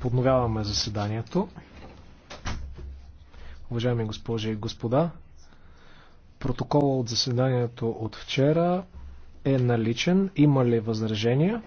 Подновяваме заседанието. Уважаеми госпожи и господа, протокола от заседанието от вчера е наличен. Има ли възражения?